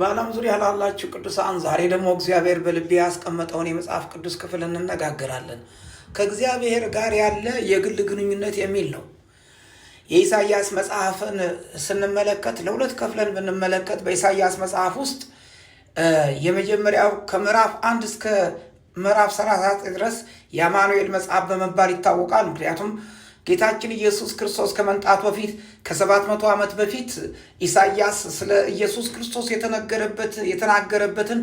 በዓለም ዙሪያ ላላችሁ ቅዱሳን ዛሬ ደግሞ እግዚአብሔር በልቤ ያስቀመጠውን የመጽሐፍ ቅዱስ ክፍል እንነጋገራለን። ከእግዚአብሔር ጋር ያለ የግል ግንኙነት የሚል ነው። የኢሳይያስ መጽሐፍን ስንመለከት ለሁለት ከፍለን ብንመለከት በኢሳይያስ መጽሐፍ ውስጥ የመጀመሪያው ከምዕራፍ አንድ እስከ ምዕራፍ 39 ድረስ የአማኑኤል መጽሐፍ በመባል ይታወቃል። ምክንያቱም ጌታችን ኢየሱስ ክርስቶስ ከመምጣቱ በፊት ከሰባት መቶ ዓመት በፊት ኢሳይያስ ስለ ኢየሱስ ክርስቶስ የተነገረበት የተናገረበትን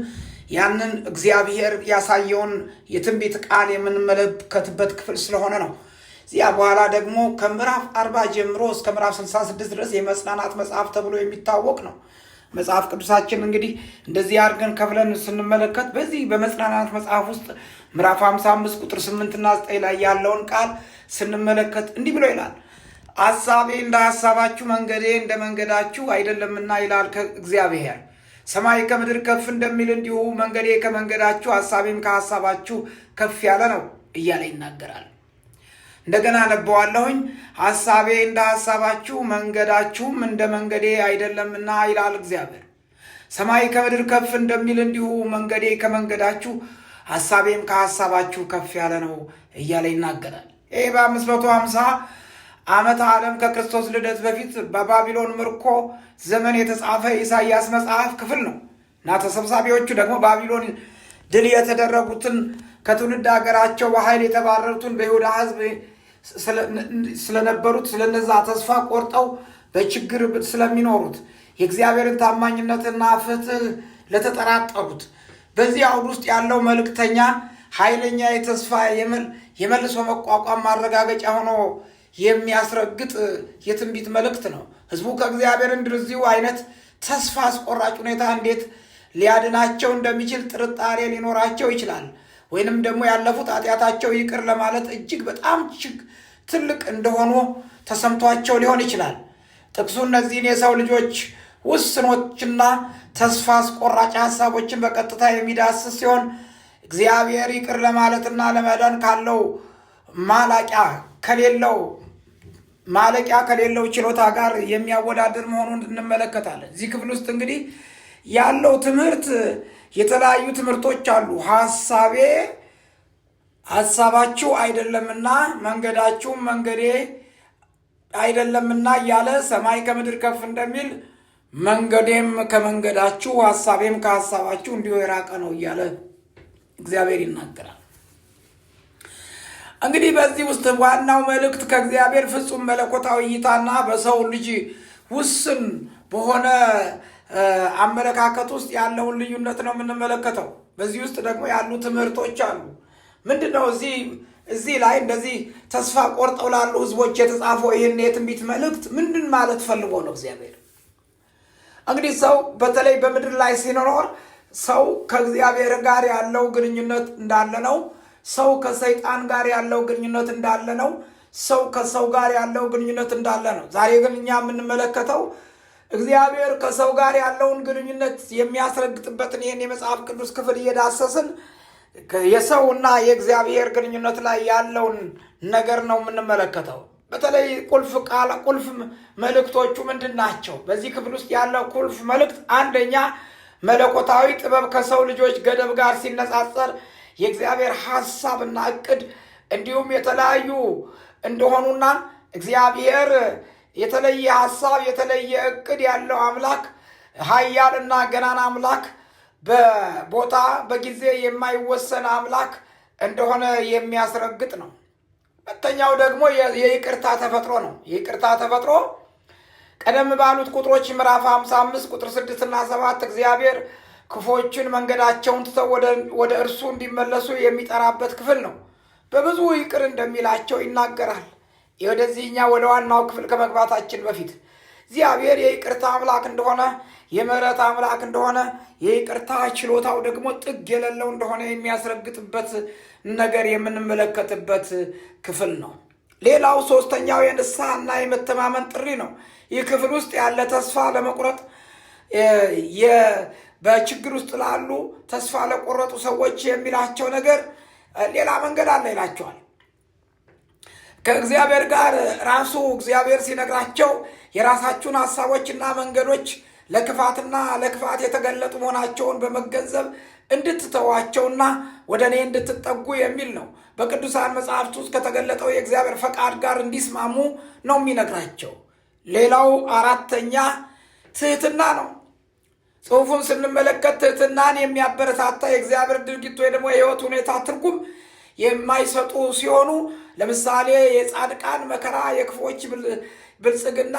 ያንን እግዚአብሔር ያሳየውን የትንቢት ቃል የምንመለከትበት ክፍል ስለሆነ ነው። እዚያ በኋላ ደግሞ ከምዕራፍ አርባ ጀምሮ እስከ ምዕራፍ ስልሳ ስድስት ድረስ የመጽናናት መጽሐፍ ተብሎ የሚታወቅ ነው። መጽሐፍ ቅዱሳችን እንግዲህ እንደዚህ አድርገን ከፍለን ስንመለከት በዚህ በመጽናናት መጽሐፍ ውስጥ ምዕራፍ 55 ቁጥር 8 እና 9 ላይ ያለውን ቃል ስንመለከት እንዲህ ብሎ ይላል አሳቤ እንደ ሀሳባችሁ መንገዴ እንደ መንገዳችሁ አይደለምና ይላል እግዚአብሔር። ሰማይ ከምድር ከፍ እንደሚል እንዲሁ መንገዴ ከመንገዳችሁ ሀሳቤም ከሀሳባችሁ ከፍ ያለ ነው እያለ ይናገራል። እንደገና አነበዋለሁኝ። ሐሳቤ እንደ ሐሳባችሁ መንገዳችሁም እንደ መንገዴ አይደለምና ይላል እግዚአብሔር። ሰማይ ከምድር ከፍ እንደሚል እንዲሁ መንገዴ ከመንገዳችሁ ሐሳቤም ከሐሳባችሁ ከፍ ያለ ነው እያለ ይናገራል። ይህ በአምስት መቶ ሀምሳ ዓመተ ዓለም ከክርስቶስ ልደት በፊት በባቢሎን ምርኮ ዘመን የተጻፈ ኢሳይያስ መጽሐፍ ክፍል ነው እና ተሰብሳቢዎቹ ደግሞ ባቢሎን ድል የተደረጉትን ከትውልድ ሀገራቸው በኃይል የተባረሩትን በይሁዳ ሕዝብ ስለነበሩት ስለነዛ ተስፋ ቆርጠው በችግር ስለሚኖሩት የእግዚአብሔርን ታማኝነትና ፍትህ ለተጠራጠሩት በዚህ አውድ ውስጥ ያለው መልእክተኛ ኃይለኛ የተስፋ የመልሶ መቋቋም ማረጋገጫ ሆኖ የሚያስረግጥ የትንቢት መልእክት ነው። ህዝቡ ከእግዚአብሔር እንደዚሁ አይነት ተስፋ አስቆራጭ ሁኔታ እንዴት ሊያድናቸው እንደሚችል ጥርጣሬ ሊኖራቸው ይችላል። ወይንም ደግሞ ያለፉት ኃጢአታቸው ይቅር ለማለት እጅግ በጣም ችግ ትልቅ እንደሆኑ ተሰምቷቸው ሊሆን ይችላል። ጥቅሱ እነዚህን የሰው ልጆች ውስኖችና ተስፋ አስቆራጭ ሀሳቦችን በቀጥታ የሚዳስስ ሲሆን እግዚአብሔር ይቅር ለማለትና ለመዳን ካለው ማላቂያ ከሌለው ማለቂያ ከሌለው ችሎታ ጋር የሚያወዳድር መሆኑን እንመለከታለን። እዚህ ክፍል ውስጥ እንግዲህ ያለው ትምህርት የተለያዩ ትምህርቶች አሉ። ሀሳቤ ሀሳባችሁ አይደለምና መንገዳችሁም መንገዴ አይደለምና እያለ ሰማይ ከምድር ከፍ እንደሚል መንገዴም ከመንገዳችሁ ሀሳቤም ከሀሳባችሁ እንዲሁ የራቀ ነው እያለ እግዚአብሔር ይናገራል። እንግዲህ በዚህ ውስጥ ዋናው መልእክት ከእግዚአብሔር ፍጹም መለኮታዊ እይታና በሰው ልጅ ውስን በሆነ አመለካከት ውስጥ ያለውን ልዩነት ነው የምንመለከተው። በዚህ ውስጥ ደግሞ ያሉ ትምህርቶች አሉ። ምንድን ነው እዚህ እዚህ ላይ እንደዚህ ተስፋ ቆርጠው ላሉ ህዝቦች የተጻፈው ይህን የትንቢት መልእክት ምንድን ማለት ፈልጎ ነው እግዚአብሔር? እንግዲህ ሰው በተለይ በምድር ላይ ሲኖር ሰው ከእግዚአብሔር ጋር ያለው ግንኙነት እንዳለ ነው። ሰው ከሰይጣን ጋር ያለው ግንኙነት እንዳለ ነው። ሰው ከሰው ጋር ያለው ግንኙነት እንዳለ ነው። ዛሬ ግን እኛ የምንመለከተው እግዚአብሔር ከሰው ጋር ያለውን ግንኙነት የሚያስረግጥበትን ይህን የመጽሐፍ ቅዱስ ክፍል እየዳሰስን የሰውና የእግዚአብሔር ግንኙነት ላይ ያለውን ነገር ነው የምንመለከተው። በተለይ ቁልፍ ቃል ቁልፍ መልእክቶቹ ምንድን ናቸው? በዚህ ክፍል ውስጥ ያለው ቁልፍ መልእክት አንደኛ መለኮታዊ ጥበብ ከሰው ልጆች ገደብ ጋር ሲነጻጸር የእግዚአብሔር ሐሳብና እቅድ እንዲሁም የተለያዩ እንደሆኑና እግዚአብሔር የተለየ ሀሳብ የተለየ እቅድ ያለው አምላክ እና ገናን አምላክ በቦታ በጊዜ የማይወሰን አምላክ እንደሆነ የሚያስረግጥ ነው። ሁለተኛው ደግሞ የይቅርታ ተፈጥሮ ነው። የይቅርታ ተፈጥሮ ቀደም ባሉት ቁጥሮች ምዕራፍ 55 ቁጥር 6 እና 7 እግዚአብሔር ክፎቹን መንገዳቸውን ትተው ወደ እርሱ እንዲመለሱ የሚጠራበት ክፍል ነው። በብዙ ይቅር እንደሚላቸው ይናገራል። የወደዚህኛ ወደዚህኛ ወደ ዋናው ክፍል ከመግባታችን በፊት እግዚአብሔር የይቅርታ አምላክ እንደሆነ የምሕረት አምላክ እንደሆነ የይቅርታ ችሎታው ደግሞ ጥግ የሌለው እንደሆነ የሚያስረግጥበት ነገር የምንመለከትበት ክፍል ነው። ሌላው ሶስተኛው እና የመተማመን ጥሪ ነው። ይህ ክፍል ውስጥ ያለ ተስፋ ለመቁረጥ በችግር ውስጥ ላሉ ተስፋ ለቆረጡ ሰዎች የሚላቸው ነገር ሌላ መንገድ አለ ይላቸዋል። ከእግዚአብሔር ጋር ራሱ እግዚአብሔር ሲነግራቸው የራሳችሁን ሀሳቦችና መንገዶች ለክፋትና ለክፋት የተገለጡ መሆናቸውን በመገንዘብ እንድትተዋቸውና ወደ እኔ እንድትጠጉ የሚል ነው። በቅዱሳን መጽሐፍት ውስጥ ከተገለጠው የእግዚአብሔር ፈቃድ ጋር እንዲስማሙ ነው የሚነግራቸው። ሌላው አራተኛ ትህትና ነው። ጽሑፉን ስንመለከት ትህትናን የሚያበረታታ የእግዚአብሔር ድርጊት ወይ ደግሞ የህይወት ሁኔታ ትርጉም የማይሰጡ ሲሆኑ ለምሳሌ የጻድቃን መከራ፣ የክፎች ብልጽግና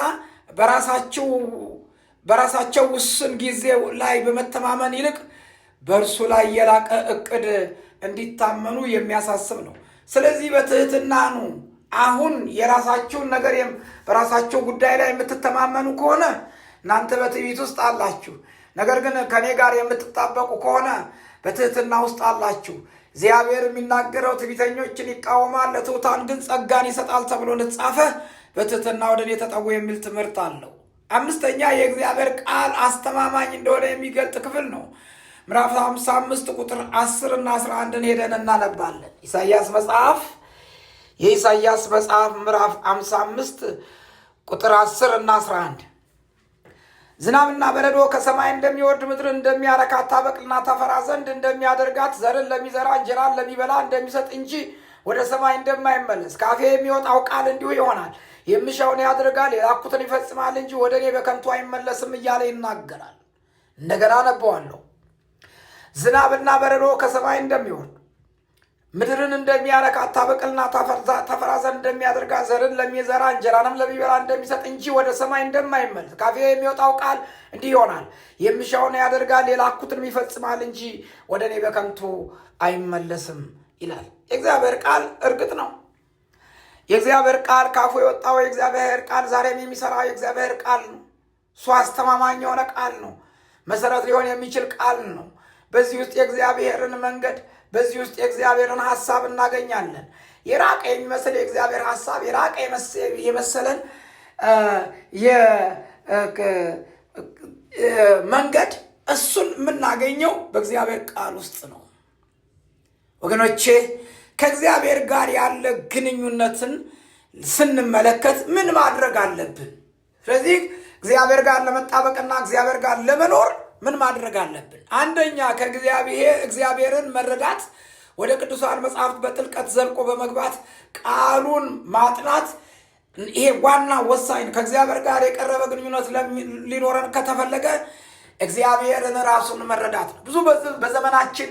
በራሳቸው በራሳቸው ውስን ጊዜ ላይ በመተማመን ይልቅ በእርሱ ላይ የላቀ እቅድ እንዲታመኑ የሚያሳስብ ነው። ስለዚህ በትህትና ኑ። አሁን የራሳችሁን ነገር በራሳቸው ጉዳይ ላይ የምትተማመኑ ከሆነ እናንተ በትዕቢት ውስጥ አላችሁ። ነገር ግን ከእኔ ጋር የምትጣበቁ ከሆነ በትህትና ውስጥ አላችሁ። እግዚአብሔር የሚናገረው ትዕቢተኞችን ይቃወማል፣ ለትሑታን ግን ጸጋን ይሰጣል ተብሎ እንደተጻፈ በትህትና ወደ እኔ ተጠጉ የሚል ትምህርት አለው። አምስተኛ የእግዚአብሔር ቃል አስተማማኝ እንደሆነ የሚገልጥ ክፍል ነው። ምዕራፍ 55 ቁጥር 10 እና 11 ሄደን እናነባለን። ኢሳይያስ መጽሐፍ የኢሳይያስ መጽሐፍ ምዕራፍ 55 ቁጥር 10 እና 11 ዝናብና በረዶ ከሰማይ እንደሚወርድ ምድር እንደሚያረካት ታበቅልና ተፈራ ዘንድ እንደሚያደርጋት ዘርን ለሚዘራ እንጀራን ለሚበላ እንደሚሰጥ እንጂ ወደ ሰማይ እንደማይመለስ ካፌ የሚወጣው ቃል እንዲሁ ይሆናል። የምሻውን ያደርጋል የላኩትን ይፈጽማል እንጂ ወደ እኔ በከንቱ አይመለስም እያለ ይናገራል። እንደገና አነበዋለሁ። ዝናብና በረዶ ከሰማይ እንደሚወርድ ምድርን እንደሚያረካ አታበቅልና ተፈራዘ እንደሚያደርጋ ዘርን ለሚዘራ እንጀራንም ለሚበላ እንደሚሰጥ እንጂ ወደ ሰማይ እንደማይመለስ ካፌ የሚወጣው ቃል እንዲህ ይሆናል። የሚሻውን ያደርጋል፣ የላኩትንም ይፈጽማል እንጂ ወደ እኔ በከንቱ አይመለስም ይላል። የእግዚአብሔር ቃል እርግጥ ነው። የእግዚአብሔር ቃል ካፉ የወጣው የእግዚአብሔር ቃል ዛሬም የሚሰራ የእግዚአብሔር ቃል ነው። እሱ አስተማማኝ የሆነ ቃል ነው። መሰረት ሊሆን የሚችል ቃል ነው። በዚህ ውስጥ የእግዚአብሔርን መንገድ በዚህ ውስጥ የእግዚአብሔርን ሀሳብ እናገኛለን። የራቀ የሚመስል የእግዚአብሔር ሀሳብ የራቀ የመሰለን መንገድ እሱን የምናገኘው በእግዚአብሔር ቃል ውስጥ ነው። ወገኖቼ ከእግዚአብሔር ጋር ያለ ግንኙነትን ስንመለከት ምን ማድረግ አለብን? ስለዚህ እግዚአብሔር ጋር ለመጣበቅና እግዚአብሔር ጋር ለመኖር ምን ማድረግ አለብን? አንደኛ ከእግዚአብሔር እግዚአብሔርን መረዳት ወደ ቅዱሳን መጽሐፍት በጥልቀት ዘልቆ በመግባት ቃሉን ማጥናት ይሄ ዋና ወሳኝ ነው። ከእግዚአብሔር ጋር የቀረበ ግንኙነት ሊኖረን ከተፈለገ እግዚአብሔርን ራሱን መረዳት ነው። ብዙ በዘመናችን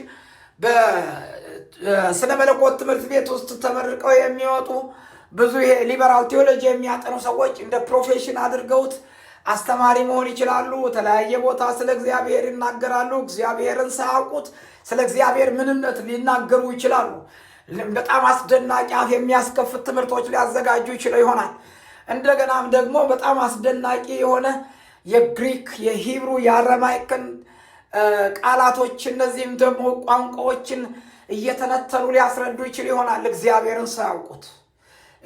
በስነ መለኮት ትምህርት ቤት ውስጥ ተመርቀው የሚወጡ ብዙ ይሄ ሊበራል ቴዎሎጂ የሚያጠኑ ሰዎች እንደ ፕሮፌሽን አድርገውት አስተማሪ መሆን ይችላሉ። የተለያየ ቦታ ስለ እግዚአብሔር ይናገራሉ። እግዚአብሔርን ሳያውቁት ስለ እግዚአብሔር ምንነት ሊናገሩ ይችላሉ። በጣም አስደናቂ አፍ የሚያስከፍት ትምህርቶች ሊያዘጋጁ ይችለው ይሆናል። እንደገናም ደግሞ በጣም አስደናቂ የሆነ የግሪክ የሂብሩ የአረማይክን ቃላቶች እነዚህም ደግሞ ቋንቋዎችን እየተነተሉ ሊያስረዱ ይችል ይሆናል። እግዚአብሔርን ሳያውቁት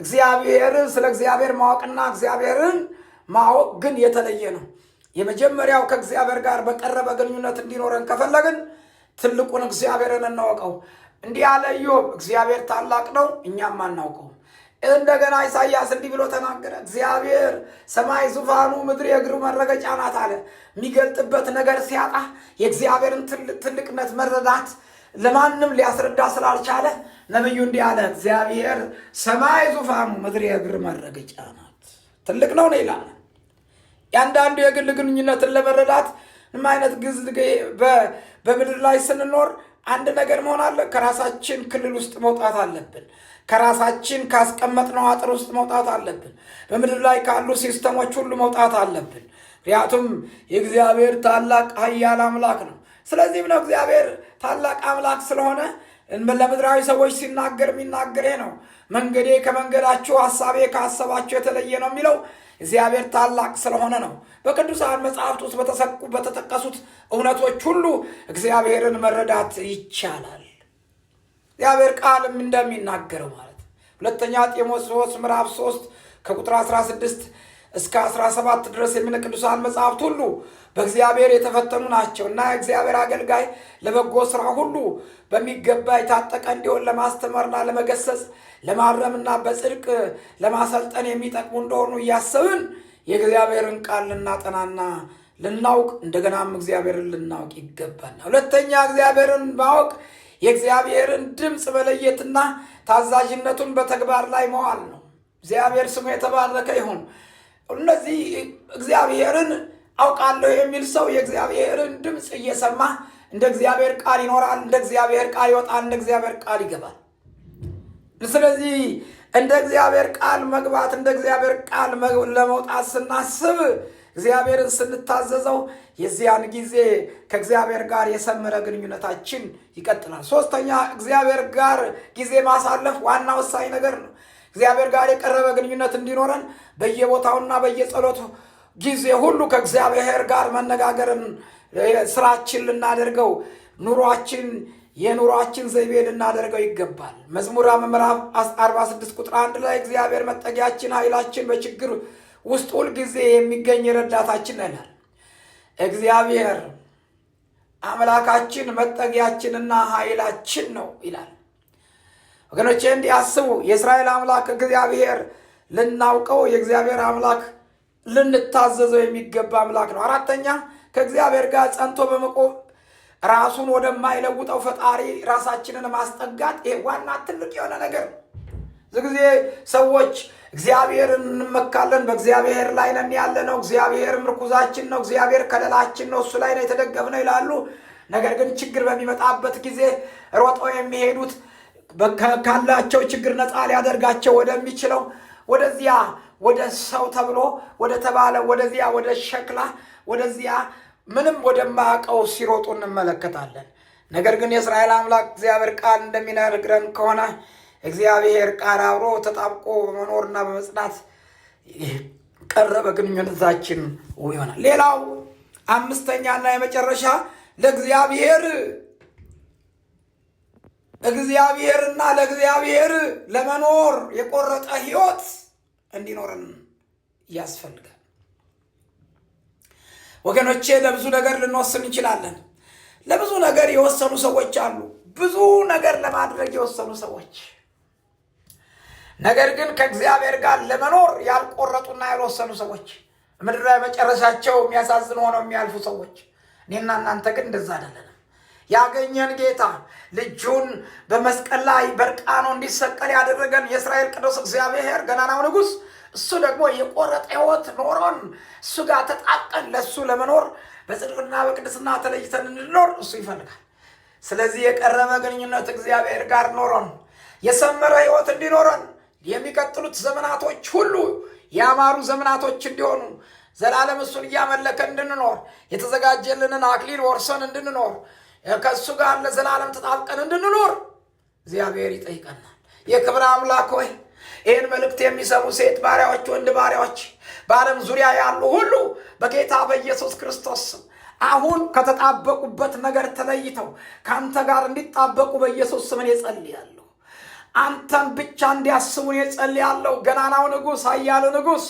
እግዚአብሔርን ስለ እግዚአብሔር ማወቅና እግዚአብሔርን ማወቅ ግን የተለየ ነው። የመጀመሪያው ከእግዚአብሔር ጋር በቀረበ ግንኙነት እንዲኖረን ከፈለግን ትልቁን እግዚአብሔርን እናወቀው። እንዲህ ያለ ኢዮብ እግዚአብሔር ታላቅ ነው፣ እኛም አናውቀው። እንደገና ኢሳይያስ እንዲህ ብሎ ተናገረ። እግዚአብሔር ሰማይ ዙፋኑ፣ ምድር የእግሩ መረገጫ ናት አለ። የሚገልጥበት ነገር ሲያጣ የእግዚአብሔርን ትልቅነት መረዳት ለማንም ሊያስረዳ ስላልቻለ ነቢዩ እንዲህ አለ፣ እግዚአብሔር ሰማይ ዙፋኑ፣ ምድር የእግር መረገጫ ናት። ትልቅ ነው ነው ይላል የአንዳንዱ የግል ግንኙነትን ለመረዳት ምን አይነት ግዝ በምድር ላይ ስንኖር አንድ ነገር መሆን አለ። ከራሳችን ክልል ውስጥ መውጣት አለብን። ከራሳችን ካስቀመጥነው አጥር ውስጥ መውጣት አለብን። በምድር ላይ ካሉ ሲስተሞች ሁሉ መውጣት አለብን። ምክንያቱም የእግዚአብሔር ታላቅ ኃያል አምላክ ነው። ስለዚህም ነው እግዚአብሔር ታላቅ አምላክ ስለሆነ ለምድራዊ ሰዎች ሲናገር የሚናገር ነው። መንገዴ ከመንገዳችሁ ሀሳቤ ከሀሳባችሁ የተለየ ነው የሚለው እግዚአብሔር ታላቅ ስለሆነ ነው። በቅዱሳን መጽሐፍት ውስጥ በተሰቁ በተጠቀሱት እውነቶች ሁሉ እግዚአብሔርን መረዳት ይቻላል። እግዚአብሔር ቃልም እንደሚናገረው ማለት ሁለተኛ ጢሞቴዎስ ምዕራፍ 3 ከቁጥር 16 እስከ 17 ድረስ የሚነ ቅዱሳን መጽሐፍት ሁሉ በእግዚአብሔር የተፈተኑ ናቸው እና የእግዚአብሔር አገልጋይ ለበጎ ስራ ሁሉ በሚገባ የታጠቀ እንዲሆን ለማስተማርና ለመገሰጽ ለማረምና በጽድቅ ለማሰልጠን የሚጠቅሙ እንደሆኑ እያሰብን የእግዚአብሔርን ቃል ልናጠናና ልናውቅ እንደገናም እግዚአብሔርን ልናውቅ ይገባና ሁለተኛ እግዚአብሔርን ማወቅ የእግዚአብሔርን ድምፅ መለየትና ታዛዥነቱን በተግባር ላይ መዋል ነው። እግዚአብሔር ስሙ የተባረከ ይሁን። እነዚህ እግዚአብሔርን አውቃለሁ የሚል ሰው የእግዚአብሔርን ድምፅ እየሰማ እንደ እግዚአብሔር ቃል ይኖራል፣ እንደ እግዚአብሔር ቃል ይወጣል፣ እንደ እግዚአብሔር ቃል ይገባል። ስለዚህ እንደ እግዚአብሔር ቃል መግባት እንደ እግዚአብሔር ቃል ለመውጣት ስናስብ እግዚአብሔርን ስንታዘዘው የዚያን ጊዜ ከእግዚአብሔር ጋር የሰመረ ግንኙነታችን ይቀጥላል። ሶስተኛ፣ እግዚአብሔር ጋር ጊዜ ማሳለፍ ዋና ወሳኝ ነገር ነው። እግዚአብሔር ጋር የቀረበ ግንኙነት እንዲኖረን በየቦታውና በየጸሎቱ ጊዜ ሁሉ ከእግዚአብሔር ጋር መነጋገርን ስራችን ልናደርገው ኑሯችን የኑሯችን ዘይቤ ልናደርገው ይገባል። መዝሙረ ምዕራፍ 46 ቁጥር አንድ ላይ እግዚአብሔር መጠጊያችን፣ ኃይላችን፣ በችግር ውስጥ ሁል ጊዜ የሚገኝ ረዳታችን ይላል። እግዚአብሔር አምላካችን መጠጊያችንና ኃይላችን ነው ይላል። ወገኖቼ እንዲህ አስቡ። የእስራኤል አምላክ እግዚአብሔር ልናውቀው የእግዚአብሔር አምላክ ልንታዘዘው የሚገባ አምላክ ነው። አራተኛ ከእግዚአብሔር ጋር ጸንቶ በመቆም ራሱን ወደማይለውጠው ፈጣሪ ራሳችንን ማስጠጋት ይሄ ዋና ትልቅ የሆነ ነገር ነው። ብዙ ጊዜ ሰዎች እግዚአብሔርን እንመካለን፣ በእግዚአብሔር ላይ ነን ያለ ነው፣ እግዚአብሔር ምርኩዛችን ነው፣ እግዚአብሔር ከለላችን ነው፣ እሱ ላይ ነው የተደገፍነው ይላሉ። ነገር ግን ችግር በሚመጣበት ጊዜ ሮጠው የሚሄዱት ካላቸው ችግር ነፃ ሊያደርጋቸው ወደሚችለው ወደዚያ ወደ ሰው ተብሎ ወደ ተባለ ወደዚያ ወደ ሸክላ ወደዚያ ምንም ወደማያውቀው ሲሮጡ እንመለከታለን። ነገር ግን የእስራኤል አምላክ እግዚአብሔር ቃል እንደሚነግረን ከሆነ እግዚአብሔር ቃል አብሮ ተጣብቆ በመኖርና በመጽናት ቀረበ ግንኙነታችን ይሆናል። ሌላው አምስተኛና የመጨረሻ ለእግዚአብሔር እግዚአብሔርና ለእግዚአብሔር ለመኖር የቆረጠ ህይወት እንዲኖርን ያስፈልጋል። ወገኖቼ ለብዙ ነገር ልንወስን እንችላለን። ለብዙ ነገር የወሰኑ ሰዎች አሉ፣ ብዙ ነገር ለማድረግ የወሰኑ ሰዎች። ነገር ግን ከእግዚአብሔር ጋር ለመኖር ያልቆረጡና ያልወሰኑ ሰዎች፣ ምድር መጨረሻቸው የሚያሳዝን ሆነው የሚያልፉ ሰዎች። እኔና እናንተ ግን እንደዛ አይደለንም። ያገኘን ጌታ ልጁን በመስቀል ላይ በርቃኖ እንዲሰቀል ያደረገን የእስራኤል ቅዱስ እግዚአብሔር ገናናው ንጉሥ እሱ ደግሞ የቆረጠ ሕይወት ኖሮን እሱ ጋር ተጣቀን ለእሱ ለመኖር በጽድቅና በቅድስና ተለይተን እንድኖር እሱ ይፈልጋል። ስለዚህ የቀረበ ግንኙነት እግዚአብሔር ጋር ኖሮን የሰመረ ሕይወት እንዲኖረን የሚቀጥሉት ዘመናቶች ሁሉ ያማሩ ዘመናቶች እንዲሆኑ ዘላለም እሱን እያመለከ እንድንኖር የተዘጋጀልንን አክሊል ወርሰን እንድንኖር ከእሱ ጋር ለዘላለም ተጣብቀን እንድንኖር እግዚአብሔር ይጠይቀናል። የክብር አምላክ ሆይ ይህን መልእክት የሚሰሙ ሴት ባሪያዎች፣ ወንድ ባሪያዎች በዓለም ዙሪያ ያሉ ሁሉ በጌታ በኢየሱስ ክርስቶስ አሁን ከተጣበቁበት ነገር ተለይተው ከአንተ ጋር እንዲጣበቁ በኢየሱስ ስም የጸልያለሁ። አንተን ብቻ እንዲያስቡ የጸልያለሁ። ገናናው ንጉሥ፣ አያሉ ንጉሥ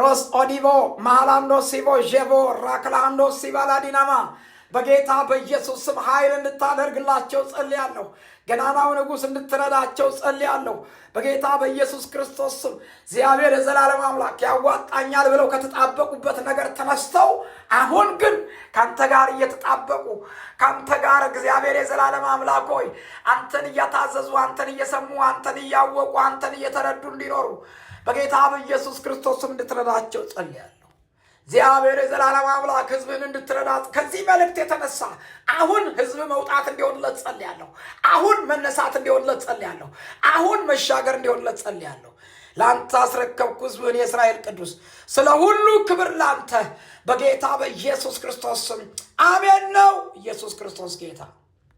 ሮስ ኦዲቮ ማላንዶ ሲቮ ዤቦ ራክላንዶ ሲባላዲናማ በጌታ በኢየሱስ ስም ኃይል እንድታደርግላቸው ጸልያለሁ። ገናናው ንጉሥ እንድትረዳቸው ጸልያለሁ። በጌታ በኢየሱስ ክርስቶስ ስም እግዚአብሔር የዘላለም አምላክ ያዋጣኛል ብለው ከተጣበቁበት ነገር ተነስተው አሁን ግን ከአንተ ጋር እየተጣበቁ ከአንተ ጋር እግዚአብሔር የዘላለም አምላክ ሆይ አንተን እያታዘዙ አንተን እየሰሙ አንተን እያወቁ አንተን እየተረዱ እንዲኖሩ በጌታ በኢየሱስ ክርስቶስ ስም እንድትረዳቸው ጸልያለሁ። እግዚአብሔር የዘላለም አምላክ ህዝብን እንድትረዳት ከዚህ መልእክት የተነሳ አሁን ህዝብ መውጣት እንዲሆንለት ጸልያለሁ። አሁን መነሳት እንዲሆንለት ጸልያለሁ። አሁን መሻገር እንዲሆንለት ጸልያለሁ። ለአንተ አስረከብኩ ህዝብን የእስራኤል ቅዱስ። ስለ ሁሉ ክብር ላንተ በጌታ በኢየሱስ ክርስቶስ ስም አሜን። ነው ኢየሱስ ክርስቶስ ጌታ